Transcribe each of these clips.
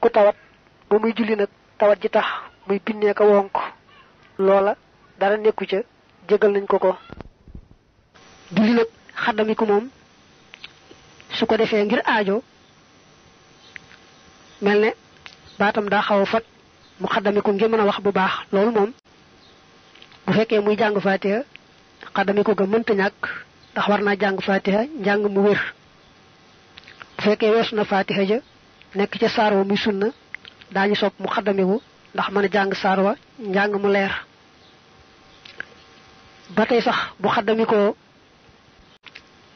ku tawat ba muy julli nag tawat ji tax muy binnee ko wonk loola dara nekku ca jégal nañ ko ko julli nag xaddamiku moom su ko defee ngir aajo mel ne baatam daa xaw a fat mu xaddamiku ngir mën a wax bu baax loolu moom bu fekkee muy jàng faatiha xaddamiku ga mënta ñàkk ndax war naa jàng faatiha njàng mu wér bu fekkee weesu na faatiha ja nekk ca saar wa muy na daañu sopp mu xaddamewu ndax mën a jàng saar wa njàng mu leer ba tey sax bu xaddami ko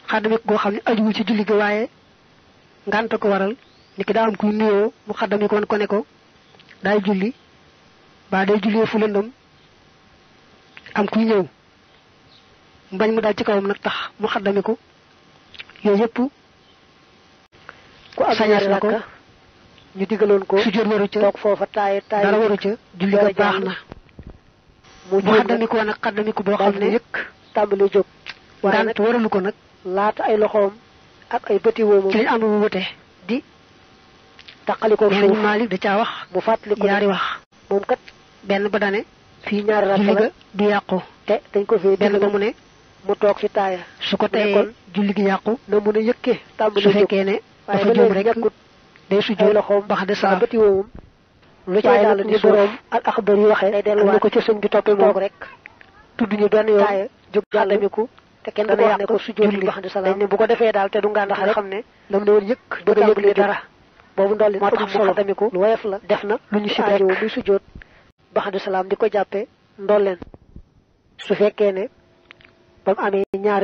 xaddami koo xam ne ajuwul ci julli gi waaye ngànta ko waral ni ki daa am kuy nuyoo mu xaddami koon ko ne ko daay julli baa day jullee fu lëndëm am kuy ñëw mu bañ mu dal ci kawam nag tax mu xaddami ko yooyu yëpp ku am la ko ñu digaloon ko sujjóot waru ca toog foofa taay taay dara waru ca julli ga baax na mu xaddami ko boo xam ne yëkk tàmbali jóg waaye nag ko nag laata ay loxoom ak ay bëti woomam ci lañ ànd bu bëte ko suuf Maalik da caa wax mu fàttali ñaari wax moom benn ba dane fii ñaari rakk yàqu te dañ ko fee benn ba mu ne mu toog fi taaya ko tayee julli gi yàqu na mun a yëkkee tàmbali jóg su fekkee ne dafa juum rek day sujjoo loxoom bax de sa bëti woowum lu ci ay dalal di borom al akhbar yi waxe ak ko ci señ bi topé mo rek tuddu ñu ben yoon jog jallamiku te kenn du wax ne ko sujjoo li wax dañ ne bu ko défé dal té du nga ndax rek xamné lam do won yëk do nga li dara bobu ndol li mo tax solo tamiku lu wayef la def na lu ñu ci rek bu bax de salam diko jappé ndol len su fekké né bam amé ñaar